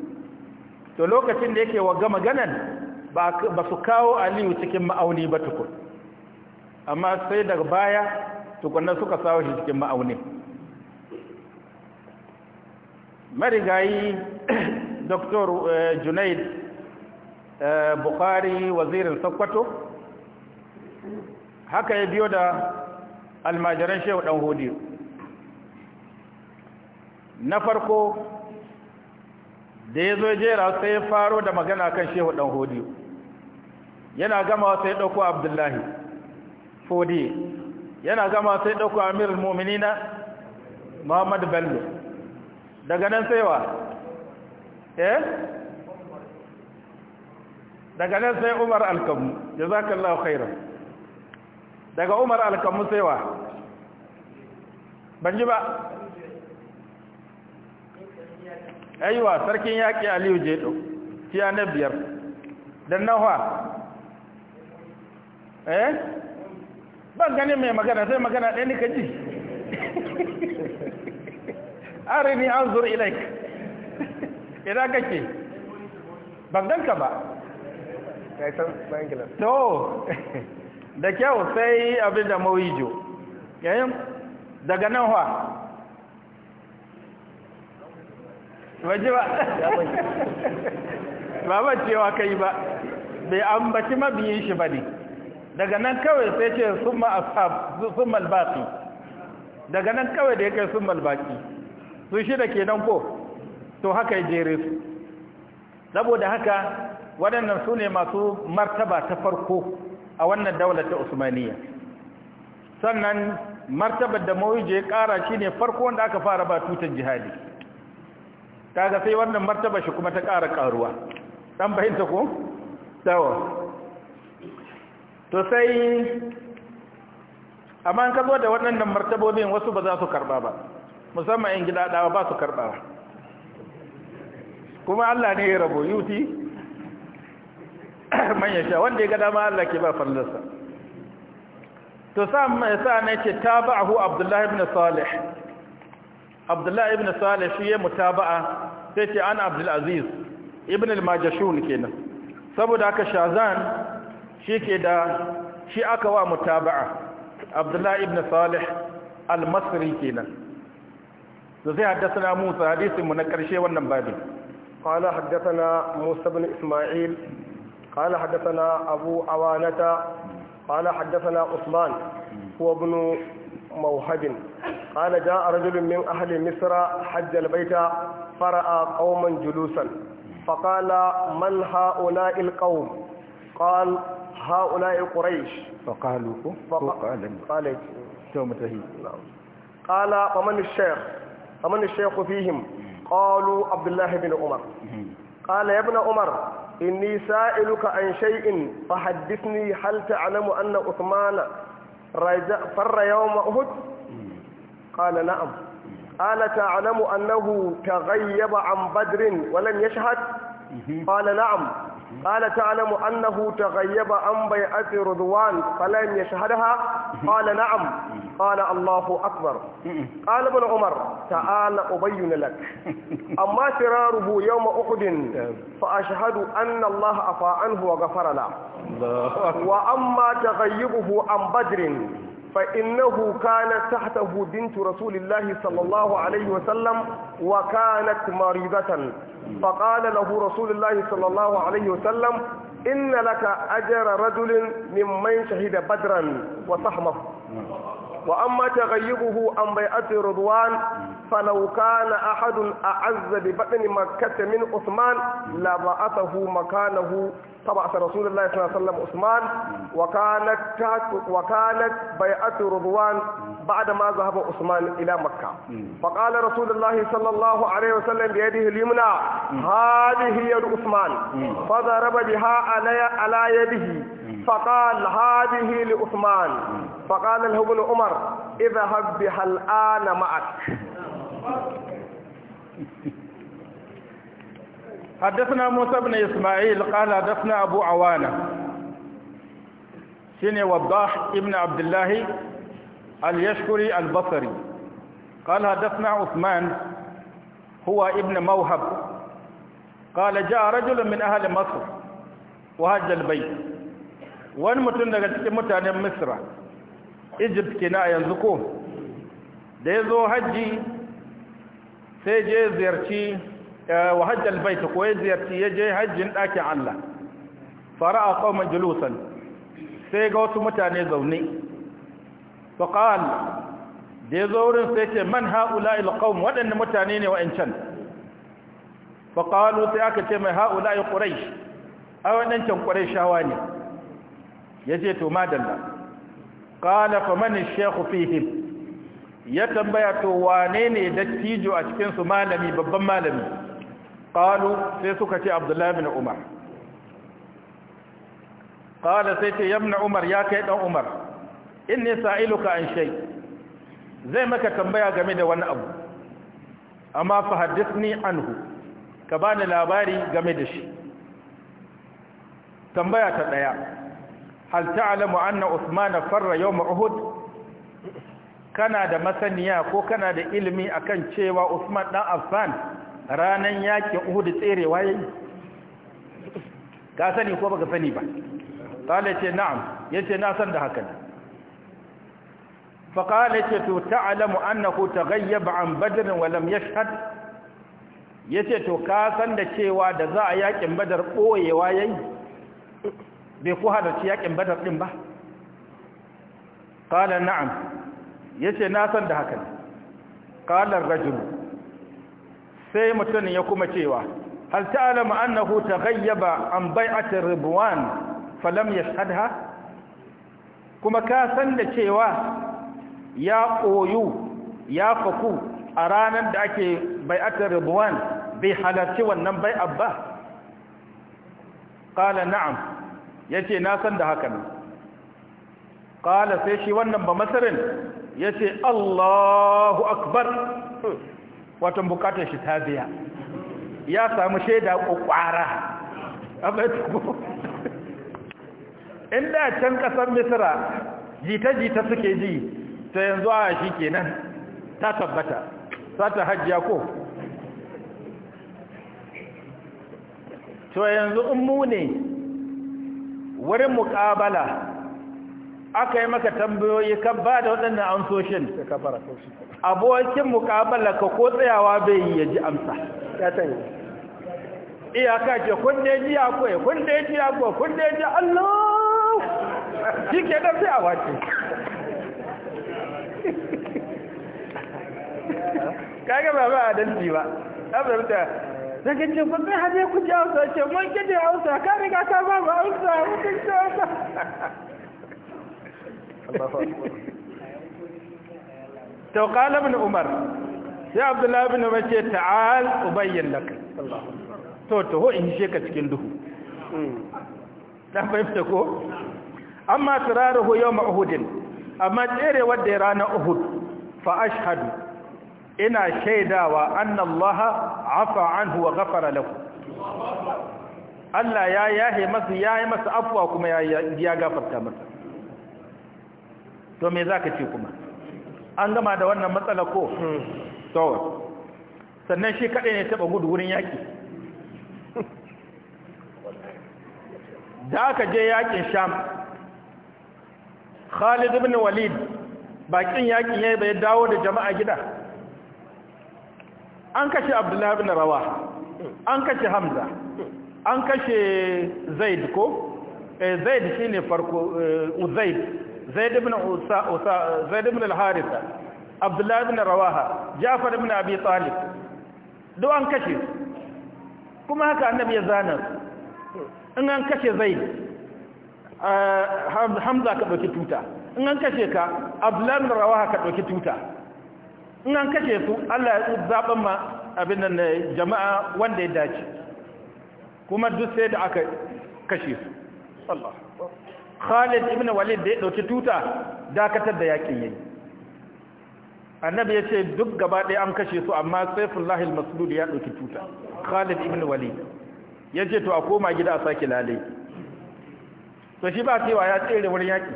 to lokacin da yake wa gama ganan ba su kawo aliyu cikin ma'auni ba tukun amma sai daga baya tukunan suka sawo shi cikin ma'auni marigayi dr eh, junaid eh, bukari wazirin sokoto haka ya biyo da almajiran shehu dan hudu na farko da ya zo jera sai ya faro da magana kan shehu dan hudu yana gama sai dauko abdullahi fodi yana gama sai dauko amirul mu'minina Muhammadu bello daga nan sai wa eh daga nan sai umar alkamu jazakallahu khairan daga umar alkamu sai wa ban ji ba ayiwa sarkin yaƙi aliyu jeɗo fiya na biyar don nawa eh ban gane mai magana sai magana ɗaya ne ka ji arini an zur ilaik idan kake ban ganka ba to da kyau sai abin da mawijo yayin daga nan wa waje ba ba ba cewa kai ba bai ambaci mabiyin shi ba ne daga nan kawai sai ce summa ashab summa albaqi daga nan kawai da yake summa albaqi su shi ke kenan ko to haka ya jere su saboda haka waɗannan su ne masu martaba ta farko a wannan daular ta usmaniya sannan martabar da mawuje ya ƙara shi ne farko wanda aka fara ba tutar jihadi kaga sai wannan martaba shi kuma ta ƙara ƙaruwa ɗan bahinta ko? dawa to sai amma ka zo da waɗannan martabobin wasu ba za su karɓa ba musamman in gida ɗawa ba su karɓa kuma Allah ne ya rabo yuti manya sha wanda ya ga dama Allah ke ba fallarsa to sa mai sa ne ce tabahu Abdullahi ibn Salih Abdullahi ibn Salih shi ya mutaba'a sai ce ana Abdul Aziz ibn al-Majashun kenan saboda haka Shazan shi ke da shi aka wa mutaba'a abdullahi ibn salih al kenan da zai haddasa na musa hadisinmu na ƙarshe wannan babin ƙwala haddasa na musa bin ismail ƙwala haddasa na abu awanata ƙwala haddasa usman kuwa bin mawhajin ƙwala ja a rajulun min ahalin misra hajji albaita fara'a ƙauman julusan faƙala man ha'ula ilƙaun ƙwala هؤلاء قريش فقالوا فقال قال توم تهي قال فمن الشيخ فمن الشيخ فيهم قالوا عبد الله بن عمر قال يا ابن عمر إني سائلك عن شيء فحدثني هل تعلم أن عثمان فر يوم أهد قال نعم قال تعلم أنه تغيب عن بدر ولم يشهد قال نعم قال تعلم أنه تغيب عن بيعة رضوان فلم يشهدها قال نعم قال الله أكبر قال ابن عمر تعال أبين لك أما فراره يوم أحد فأشهد أن الله أفى عنه وغفر له وأما تغيبه عن بدر فإنه كانت تحته بنت رسول الله صلى الله عليه وسلم وكانت مريضة فقال له رسول الله صلى الله عليه وسلم إن لك أجر رجل ممن شهد بدرا وصحمه wa an mata gayyuhu an bai ati rudwan falauka na ahadun a azzabi bi baɗin makata min usman la ba a sahu makanahu ta ba a sarasu da laifin na sallama usman wakanat bai ati rudwan ba da ma zaba usman ila makka faƙala rasulullahi sallallahu alaihi wasallam da ya di hilimuna hadi hiyar usman fa zaraba biha ala ya فقال هذه لعثمان فقال له ابن عمر اذهب بها الآن معك حدثنا موسى بن إسماعيل قال حدثنا أبو عوانة سنة وضاح ابن عبد الله اليشكري البصري قال حدثنا عثمان هو ابن موهب قال جاء رجل من أهل مصر وهج البيت wani mutum daga cikin mutanen misra egypt ke yanzu ko da ya zo hajji sai je ziyarci eh, wa hajjal baita ko ya ziyarci ya je hajjin ɗakin allah fara'a kawai julusan sai ga wasu mutane zaune faƙal da ya zo wurin sai ce man ha'ula ilƙaun waɗanda mutane ne wa'ancan faƙalu sai aka ce mai ha'ula il ƙurai a waɗancan ƙurai shawa ne ya ce to madalla ƙala famani shekhu fihim ya tambaya to wane ne dattijo a cikinsu malami babban malami ƙalu sai suka ce abdullahi bin umar ƙala sai ce yamna umar ya kai ɗan umar in ne sa'iluka an shai zai maka tambaya game da wani abu amma fa haddisni anhu ka bani labari game da shi tambaya ta ɗaya hal ta'lamu anna usman farra yawm uhud kana da masaniya ko kana da ilimi akan cewa usman dan affan ranan yakin uhud tserewa yayi ka sani ko baka sani ba qala ce na'am yace na san da haka fa qala ce to ta'lamu annahu taghayyaba an badr wa lam yashhad yace to ka san da cewa da za a yakin badar boyewa yayi bai ku halarci yakin badar ɗin ba qala na'am ce na san da haka qala ar sai mutum ya kuma cewa hal ta'lamu huta gayyaba an bai'ati ribwan falam yashhadha kuma ka san da cewa ya koyu ya faku a ranar da ake bai'atar ribwan bai halarci wannan bai'ar ba qala na'am ya ce na san da hakan ƙala sai shi wannan ba masarin ya ce allahu akbar watan bukatar shi ta biya ya samu shaida ƙwara. ƙwaƙwara inda can ƙasar misira jita-jita suke ji ta yanzu a shi kenan ta tabbata sata hajjiya ko to yanzu in mu wurin muƙabala aka yi maka tambayoyi kan ba da waɗannan amsoshin abokin muƙabala ka ko tsayawa bai yi ya ji amsa iyaka ce kun da ji akwai kun da ji akwai kun da ji allah ke sai a wace kaga ba ba adalci ba daga ce ba zai haje ku ji hausa ce mun gidi hausa ka riga ka ba ba hausa mutum ce hausa to qala ibn umar sai abdullahi ibn umar ce ta'al ubayyin lak to to ho in she ka cikin duhu dan hmm. fahimta ko amma tiraruhu yawm Uhudin amma tsere wadda ranar uhud fa ashhadu ina shaidawa annallaha afa anhu wa ghafara lahu Allah ya yahe masa yayi masa afwa kuma ya gafarta masa to me zaka ce kuma an gama da wannan matsala ko hmm. to sannan shi kadai ne taba gudu wurin yaki da ka je yakin sham Khalid ibn Walid bakin yakin yayi bai dawo da jama'a gida an kashe abdullahi bin rawa an kashe hamza an kashe zaid ko eh, zaid shi ne farko eh, uzaid zaid bin usa zaid bin al-haritha abdullahi bin rawaha ja'far bin abi talib duk an kashe kuma haka annabi ya zana in an kashe zaid eh, hamza ka dauki tuta in an kashe ka abdullahi bin rawaha ka dauki tuta in an kashe su Allah ya zaɓen ma abin nan eh, jama'a wanda ya dace kuma duk sai da aka kashe su Allah Khalid ibn Walid da ya ɗauki tuta dakatar da yakin yayi annabi ya ce duk gaba ɗaya an kashe su amma Saifullah al-maslul ya ɗauki tuta Khalid ibn Walid ya ce to a koma gida a saki lalai to shi ba cewa ya tsere wurin yaki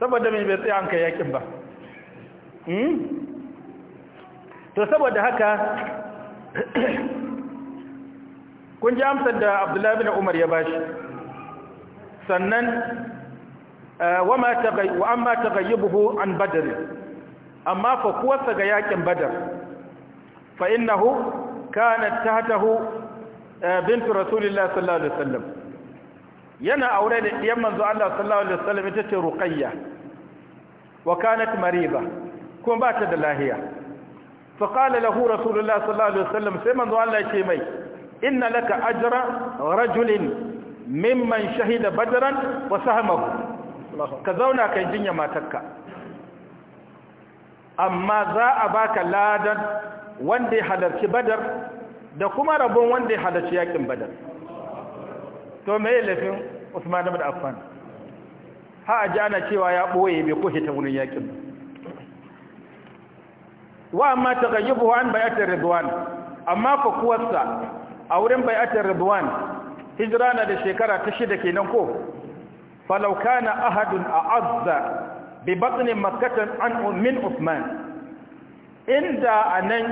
saboda me bai tsaya an kai yakin ba hmm? to saboda haka kun ji amsar da abdullahi bin umar ya bashi sannan eh, wa amma ta gayyabuhu an badari amma fa kuwarsa ga yakin badar fa innahu kanat tahtahu eh, bintu rasulillah sallallahu alaihi wasallam yana aure da diyan manzo Allah sallallahu alaihi wasallam ita ce ruqayya wa kanat mariba kuma ba ta da lahiya fa qala lahu rasulullah sallallahu alaihi wasallam sai manzo Allah ce mai inna laka ajra rajulin mimman shahida badran wa sahamahu ka zauna kai jinya matarka amma za a baka ladan wanda ya halarci badar da kuma rabon wanda ya halarci yakin badar to mai laifin Usman ibn Affan ha a ji ana cewa ya ɓoye bai kushe ta wurin yakin wa amma taghayyubuhu an bai'atir ridwan amma fa kuwarsa a wurin bai'atir ridwan hijira na da shekara ta shida kenan ko falau kana ahadun a'azza bi batni makkatan an min usman inda anan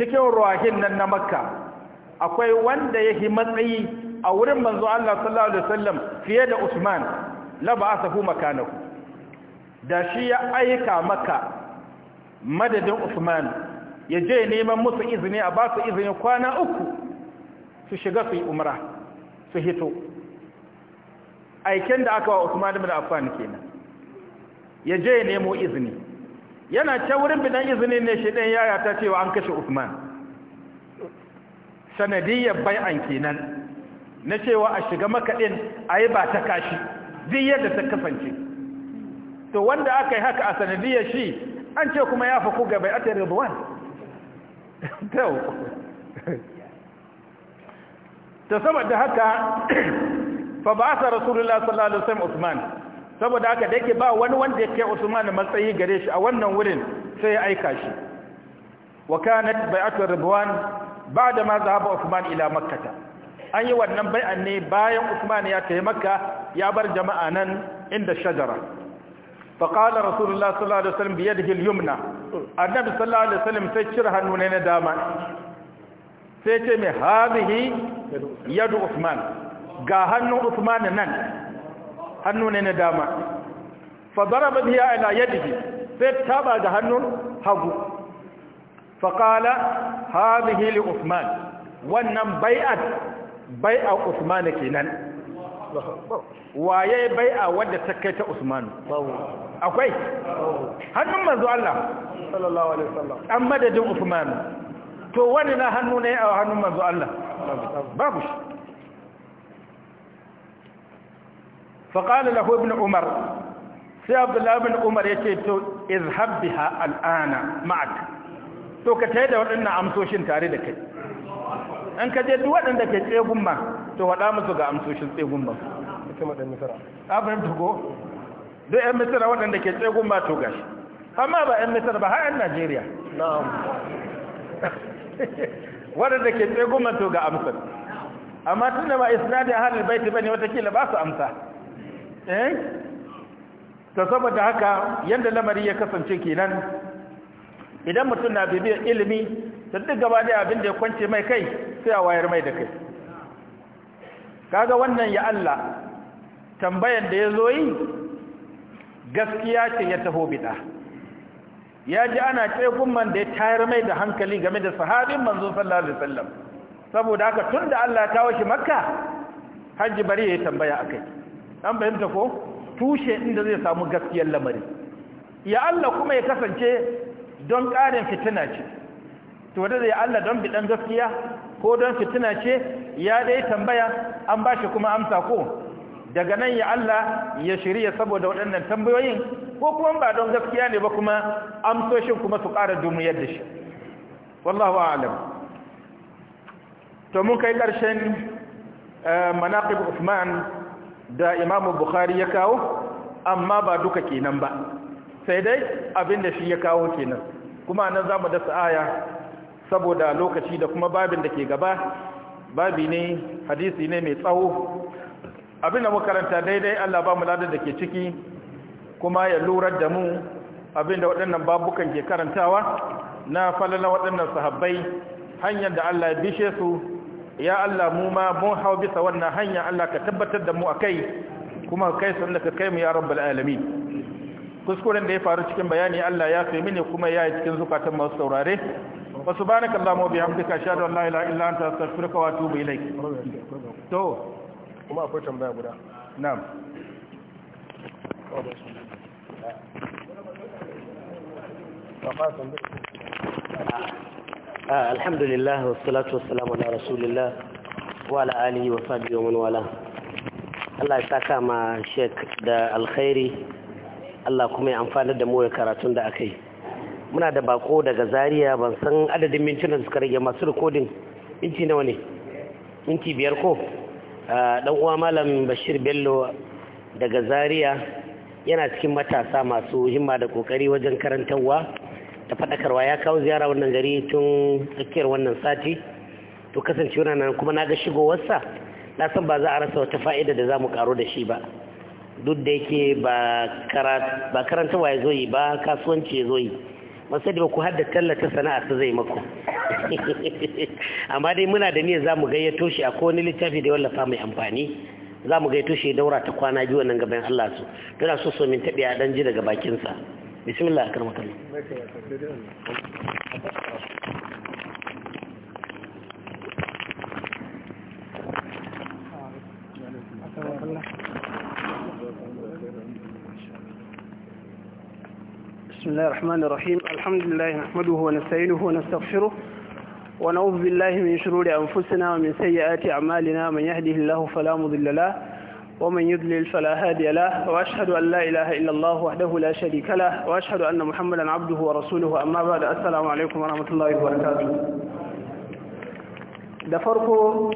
cikin ruwahin nan na makka akwai wanda yake matsayi a wurin manzo Allah sallallahu alaihi wasallam fiye da usman la ba'athu makanahu da shi ya aika maka madadin Usman ya je neman musu izini a ba su izini kwana uku su shiga su yi umara su hito aiken da aka wa Usman da Affan kenan ya je nemo izini yana ta wurin bidan izini ne shi ɗan yaya ta cewa an kashe Usman sanadiyyar bai'an kenan na cewa a shiga makaɗin a yi ba ta kashi duk yadda ta kasance to wanda aka yi haka a sanadiyyar shi an ce kuma ya faku ga bai'atar ridwan tau ta saboda haka fa ba sa rasulullah sallallahu alaihi wasallam usman saboda haka da yake ba wani wanda ya kai usman matsayi gare shi a wannan wurin sai ya aika shi wa kanat bai'atu ba da ma zahaba usman ila Makkata. an yi wannan bai'an ne bayan usman ya taimaka, ya bar jama'a nan inda shajara فقال رسول الله صلى الله عليه وسلم بيده اليمنى النبي صلى الله عليه وسلم سيشر هنونين داما سيشم هذه يد عثمان غا هنو عثمان نن هنونين داما فضرب بها على يده سيتابع غا هنو هبو فقال هذه لعثمان wannan bai'at bai'a Usman kenan waye bai'a wadda ta kai ta Usman akwai hannun manzo Allah sallallahu alaihi wasallam an madadin Uthman to wani na hannu ne a hannun manzo Allah babu shi fa qala lahu ibn Umar sai Abdullah ibn Umar yace to izhab biha al'ana ma'ak to ka tayi da waɗannan amsoshin tare da kai an ka je duk waɗanda ke tsegun ma to wada musu ga amsoshin tsegun ba ita madan misra abin dugo duk 'yan misira waɗanda ke tsegun ba to gashi amma ba 'yan misira ba har ƴan najeriya waɗanda ke tsegun ba to ga amsar amma tun da ba isnadi a halin baiti ba ne watakila ba su amsa eh? ta saboda haka yadda lamari ya kasance kenan idan mutum na bibiyar ilimi ta duk gaba da abin da ya kwance mai kai sai a wayar mai da kai kaga wannan ya Allah tambayan da ya zo yi gaskiya ce ya taho bida ya ji ana tsaikun man da ya tayar mai da hankali game da sahabin manzo sallallahu alaihi wasallam saboda haka tun da Allah ya kawo shi makka Haji bari ya yi tambaya a kai an ko tushe inda zai samu gaskiyar lamari ya Allah kuma ya kasance don ƙarin fitina ce to da zai Allah don biɗan gaskiya ko don fitina ce ya dai tambaya an ba shi kuma amsa ko daga nan ya Allah ya shirya saboda waɗannan tambayoyin ko kuma ba don gaskiya ne ba kuma amsoshin kuma su ƙara dumiyar da shi wallahu a'lam to mun kai ƙarshen eh, manaqib Usman da Imam Bukhari ya kawo amma ba duka kenan ba sai dai abin da shi ya kawo kenan kuma nan za zamu dasa aya saboda lokaci da kuma babin da ke gaba babi ne hadisi ne mai tsawo abin da makaranta daidai Allah ba mu ladar da ke ciki kuma ya lura da mu abin da waɗannan babukan ke karantawa na falala waɗannan sahabbai hanyar da Allah ya bishe su ya Allah mu ma mun hau bisa wannan hanya Allah ka tabbatar da mu a kai kuma kai su da ka kai mu ya rabbal alami. kuskuren da ya faru cikin bayani Allah ya fi mini kuma ya yi cikin zukatan masu saurare wa subhanakallahumma kallon bihamdika ashhadu sha la ilaha illa anta astaghfiruka wa atubu ilaik to kuma akwai tambaya guda na'am ah, alhamdulillah wassalatu salamu ala rasulillah wa ala alihi wa sabi wa man wala Allah ya sa kama shek da alkhairi Allah kuma ya amfana da mu da karatun da aka yi muna da bako daga Zariya ban san adadin mintunan suka rage masu rikodin inci nawa ne inci biyar ko dan uwa malam Bashir Bello daga Zaria yana cikin matasa masu himma da kokari wajen karantarwa da fadakarwa ya kawo ziyara wannan gari tun tsakiyar wannan sati to kasancewa nan kuma na ga shigowarsa na san ba za a rasa wata fa'ida da za mu karo da shi ba duk da yake ba karantarwa ya zo yi ba kasuwanci ya zo yi ban sani ba ku har da tallata sana'a ta zai maku amma dai muna da niyyar zamu gayyato shi a kowane littafi da wallafa mai amfani zamu gayyato shi daura ta kwana biyu nan gaban Allah su tana so so min tabi a dan ji daga bakin sa bismillah بسم الله الرحمن الرحيم الحمد لله نحمده ونستعينه ونستغفره ونعوذ بالله من شرور أنفسنا ومن سيئات أعمالنا من يهده الله فلا مضل له ومن يضلل فلا هادي له وأشهد أن لا إله إلا الله وحده لا شريك له وأشهد أن محمدا عبده ورسوله أما بعد السلام عليكم ورحمة الله وبركاته da farko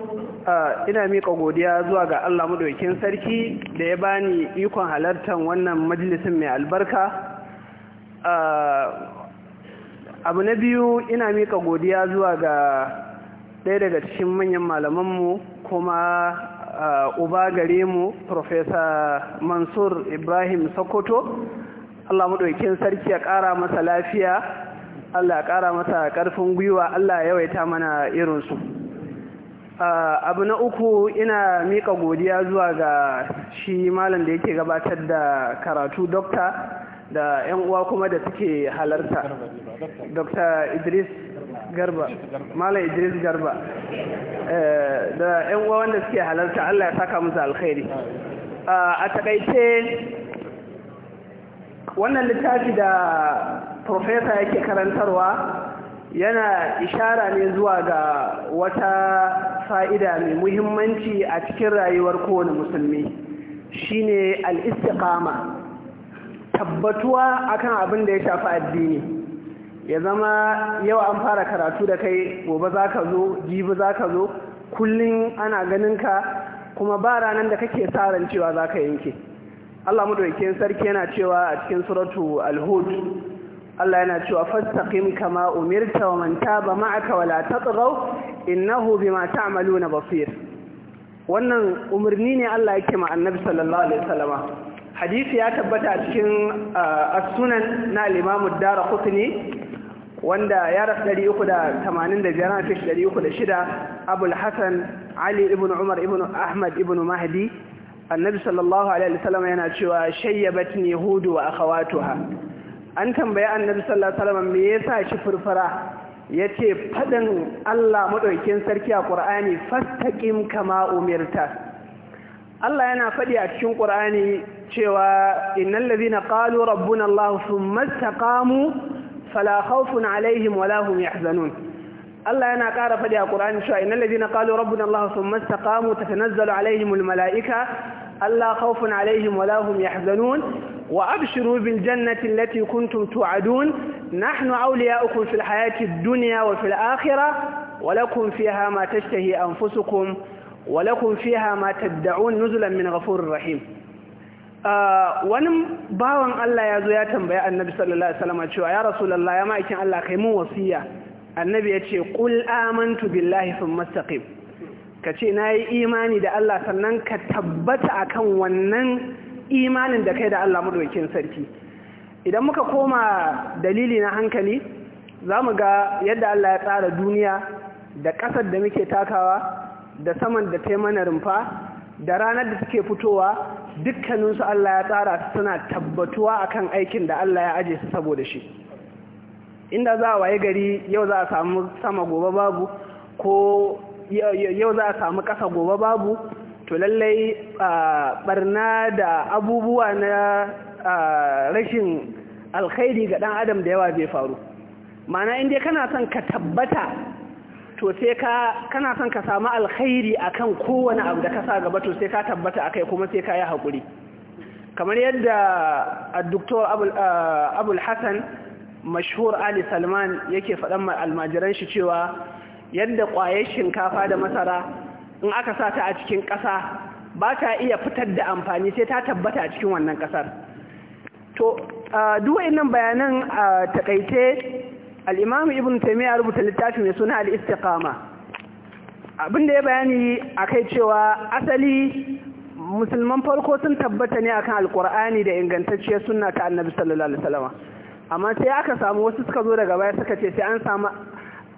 ina miƙa godiya zuwa ga Allah madaukakin sarki da ya bani ikon halartar wannan majalisin mai albarka Ah, abu na biyu ina mika godiya zuwa ga ɗaya daga cikin manyan malamanmu kuma ah, uba gare mu Profesa Mansur Ibrahim Sokoto Allah maɗaukin sarki ya ƙara masa lafiya Allah ya ƙara masa ƙarfin gwiwa Allah ya yawaita mana irinsu ah, abu na uku ina mika godiya zuwa ga shi malam da yake gabatar da karatu dokta da 'yan uwa kuma da suke halarta dr idris garba malam idris garba eh, da 'yan uwa wanda suke halarta allah ya saka musu alkhairi ah, a takaice wannan littafi da profesa yake karantarwa yana ishara ne zuwa ga wata fa'ida mai muhimmanci a cikin rayuwar kowane musulmi shine al-istiqama tabbatuwa akan abin da ya shafi addini ya zama yau an fara karatu da kai gobe za ka zo jibi za ka zo kullum ana ganin ka kuma ba ranar da kake tsarin cewa za ka yanke Allah doke sarki yana cewa a cikin suratu al-hud Allah yana cewa fastaqim kama umirta wa man taba ma'aka wala tatghaw innahu bima ta'maluna basir wannan umarni ne Allah yake ma annabi sallallahu alaihi wasallama hadisi ya tabbata a cikin uh, as-sunan na limamu dara ad wanda ya rasu 385 fish shida abul hasan ali ibn umar ibn ahmad ibn mahdi annabi sallallahu alaihi wasallam yana cewa shayyabatni yahudu wa akhawatuha an tambaya annabi sallallahu alaihi wasallam me yasa shi furfura yace fadin Allah madaukin sarki a Qur'ani fastaqim kama umirta Allah yana faɗi a cikin Qur'ani cewa innal ladhina qalu rabbuna Allah thumma istaqamu fala khawfun alaihim wala hum yahzanun Allah yana ƙara faɗi a Qur'ani cewa innal ladhina qalu rabbuna Allah thumma istaqamu tatanazzalu alaihim almalaika alla khawfun alaihim wala hum yahzanun wa abshiru bil jannati allati kuntum tu'adun nahnu awliya'ukum fil hayati ad-dunya wa fil akhirah wa lakum fiha ma tashtahi anfusukum walakun fiha ma tadda'un nuzulan min ghafurir rahim uh, wani bawan Allah ya zo ya tambayi annabi sallallahu alaihi wasallam cewa ya rasulullah ya ma'aikin Allah kai mun wasiya annabi ya ce qul amantu billahi thumma istaqim kace nayi imani da Allah sannan ka tabbata akan wannan imanin da kai da Allah madaukakin sarki idan muka koma dalili na hankali zamu ga yadda Allah ya tsara duniya da kasar da muke takawa da saman da ta mana rumfa da ranar da suke fitowa dukkaninsu Allah ya tsara su suna tabbatuwa akan aikin da Allah ya aje su saboda shi inda za a waye gari yau za a samu sama gobe babu ko yau za a samu ƙasa gobe babu to lallai barna da abubuwa na rashin alkhairi ga ɗan adam da yawa bai faru mana inda kana son ka tabbata to sai ka kana son ka samu alkhairi akan kowane abu da ka sa gaba to sai ka tabbata akai kuma sai ka yi haƙuri kamar yadda addoktor abul hassan mashhur ali salman yake faɗan almajiran shi cewa yadda ƙwayar shinkafa da masara in aka sa ta a cikin ƙasa ba ta iya fitar da amfani sai ta tabbata a cikin wannan ƙasar to duwa nan bayanan a takaice al ibn taymiyyah rubuta littafi mai suna al-istiqama abinda ya bayani akai cewa asali musulman farko sun tabbata ne akan alkur'ani da ingantacciyar sunna ta annabi sallallahu alaihi amma sai aka samu wasu suka zo daga baya suka ce sai an samu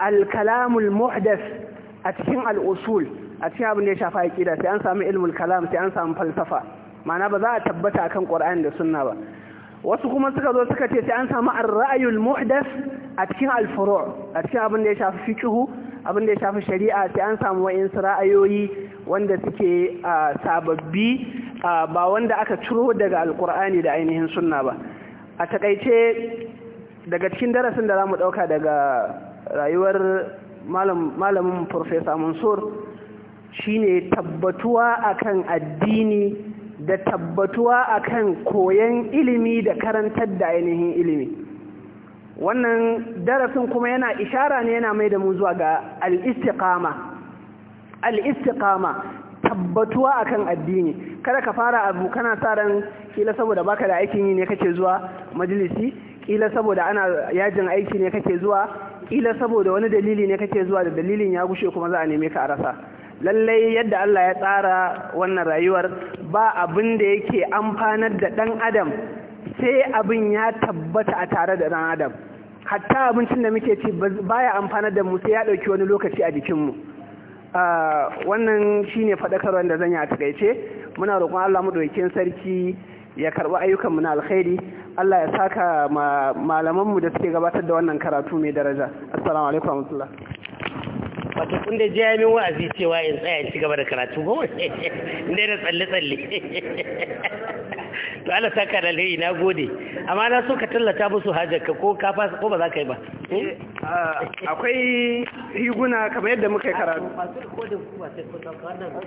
Alkalamul Muhdas a cikin al a cikin abin da ya shafa aqida sai an samu ilmul kalam sai an samu falsafa ma'ana ba za a tabbata akan Ƙur'ani da sunna ba wasu kuma suka zo suka ce sai an samu ar raayul Muhdas. a cikin alfuro a cikin abin da ya shafi fikihu abin da ya shafi shari'a sai an samu wa'insu ra'ayoyi wanda suke sababbi ba wanda aka ciro daga alkur'ani da ainihin sunna ba a takaice daga cikin darasin da za mu ɗauka daga rayuwar malamin farfesa mansur shine tabbatuwa akan addini da tabbatuwa akan koyan ilimi da karantar da ainihin ilimi wannan darasin kuma yana ishara ne yana mai da mu zuwa ga al al’istikama tabbatuwa a kan addini kada ka fara abu kana sa ran kila saboda baka da aikin yi ne kake zuwa majalisi kila saboda ana yajin aiki ne kake zuwa kila saboda wani dalili ne kake zuwa da dalilin ya gushe kuma za a neme ka a rasa lallai yadda Allah ya tsara wannan rayuwar ba abin da yake amfanar da ɗan adam sai abin ya tabbata a tare da ɗan adam hatta abincin da muke ci baya amfana da mu sai ya dauki wani lokaci a jikinmu ah, wannan shine faɗakar da zan yi a takaice muna roƙon Allah mu dokin sarki ya karɓi ayyukanmu na alkhairi Allah ya saka malamanmu da suke gabatar da wannan karatu mai daraja assalamu alaikum warahmatullah wato kun da jami'in wa'azi cewa in tsaya in ci gaba da karatu ba wani ne da tsalle tsalle to Allah ta ka dalai na gode amma na so ka tallata musu ka ko ka fasa ko ba za ka yi ba eh, akwai riguna kamar yadda muka yi karatu